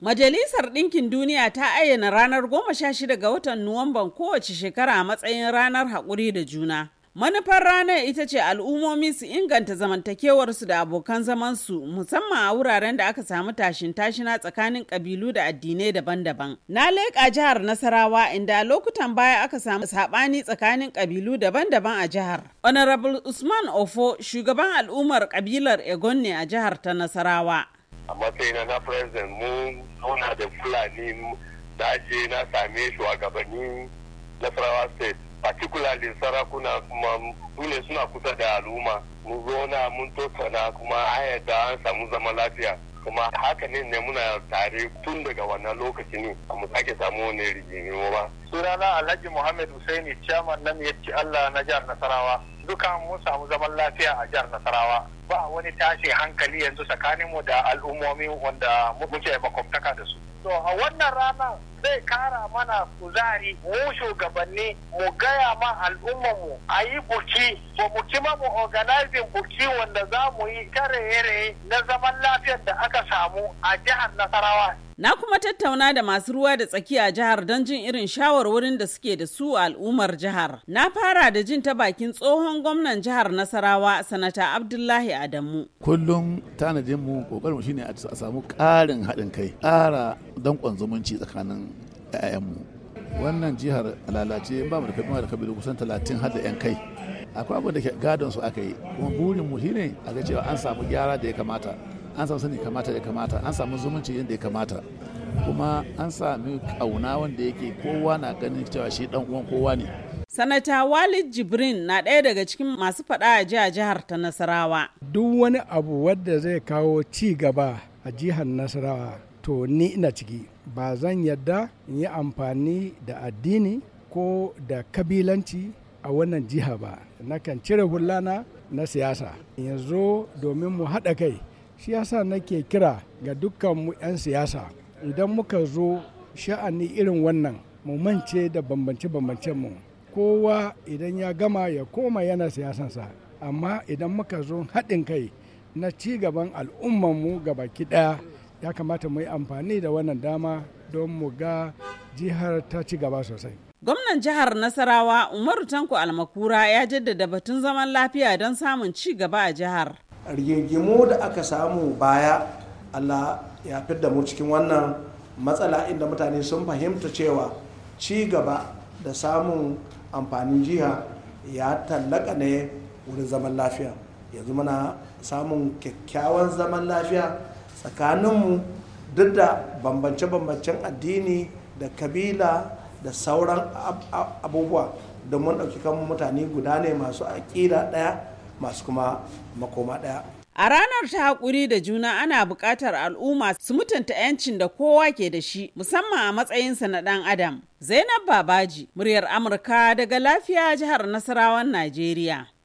Majalisar Ɗinkin Duniya ta ayyana ranar 16 ga watan Nuwamban kowace shekara a matsayin ranar haƙuri da juna. Manufar ranar ita ce al'ummomi su inganta zamantakewarsu da abokan zamansu musamman a wuraren da aka samu tashin tashina tsakanin ƙabilu da addinai daban-daban. Na leƙa jihar Nasarawa inda lokutan baya aka samu saɓani tsakanin ƙabilu daban-daban a jihar. Honorable Usman Ofo, shugaban al'ummar ƙabilar Egon ne a jihar ta Nasarawa. a matsayina na president mu zauna da fulani na je na same na farawa state particularly sarakuna kuma suna kusa da al'umma mun zauna mun tattauna kuma an yadda an samu zama lafiya kuma haka ne ne muna tare tun daga wannan lokaci ne a mu sake samu wani rigimiyo ba. sunana alhaji muhammad husaini chairman na miyarci allah na jihar nasarawa duka mu samu zaman lafiya a jihar nasarawa ba wani tashi hankali yanzu tsakaninmu da al'ummomi wanda muke makwabtaka da su. to a wannan rana. zai kara mana kuzari mu shugabanni mu gaya ma al'ummarmu a yi buki ba mu kima mu organizing buki wanda za mu yi kare na zaman lafiyar da aka samu a jihar Nasarawa. Na kuma tattauna da masu ruwa da tsakiya jihar don jin irin shawarwarin da suke da su a al'ummar jihar. Na fara da jin ta bakin tsohon gwamnan jihar Nasarawa, Sanata Abdullahi Adamu. Kullum tanadin mu kokarin shine a samu ƙarin haɗin kai, ƙara dankon zumunci tsakanin 'ya'yanmu wannan jihar lalace ba mu da kabilu da kabilu kusan talatin har da 'yan kai akwai abin da gadon su aka yi kuma burin mu shine a ga cewa an samu gyara da ya kamata an samu sani kamata ya kamata an samu zumunci yadda ya kamata kuma an sami kauna wanda yake kowa na ganin cewa shi dan uwan kowa ne sanata walid jibrin na ɗaya daga cikin masu faɗa a jihar jihar ta nasarawa duk wani abu wadda zai kawo ci gaba a jihar nasarawa to ni ina ciki ba zan yadda in yi amfani da addini ko da kabilanci a wannan jiha ba nakan cire hulana na siyasa yanzu domin mu haɗa kai siyasa nake kira ga dukkanmu 'yan siyasa idan muka zo sha'ani irin wannan mu mance da bambance-bambancen mu kowa idan ya gama ya koma yana siyasansa amma idan muka zo haɗin kai na ci gaban al'ummanmu baki ɗaya ya kamata mu yi amfani da wannan dama don mu ga jihar ta ci gaba sosai. Gwamnan jihar Nasarawa Umaru Tanko Almakura ya jaddada batun zaman lafiya don samun ci gaba a jihar. Rigingimu da aka samu baya Allah ya fidda mu cikin wannan matsala inda mutane sun fahimta cewa ci gaba da samun amfanin jiha ya tallaka ne wurin zaman lafiya. Yanzu muna samun kyakkyawan zaman lafiya tsakaninmu duk da bambance-bambancen addini da kabila da sauran abubuwa da mun ɗauki kan mutane guda ne masu aƙida ɗaya masu kuma makoma ɗaya. A ranar ta haƙuri da juna ana buƙatar al'umma su mutunta 'yancin da kowa ke da shi musamman a matsayinsa na ɗan adam. Zainab Babaji, muryar Amurka daga lafiya jihar Nasarawan Najeriya.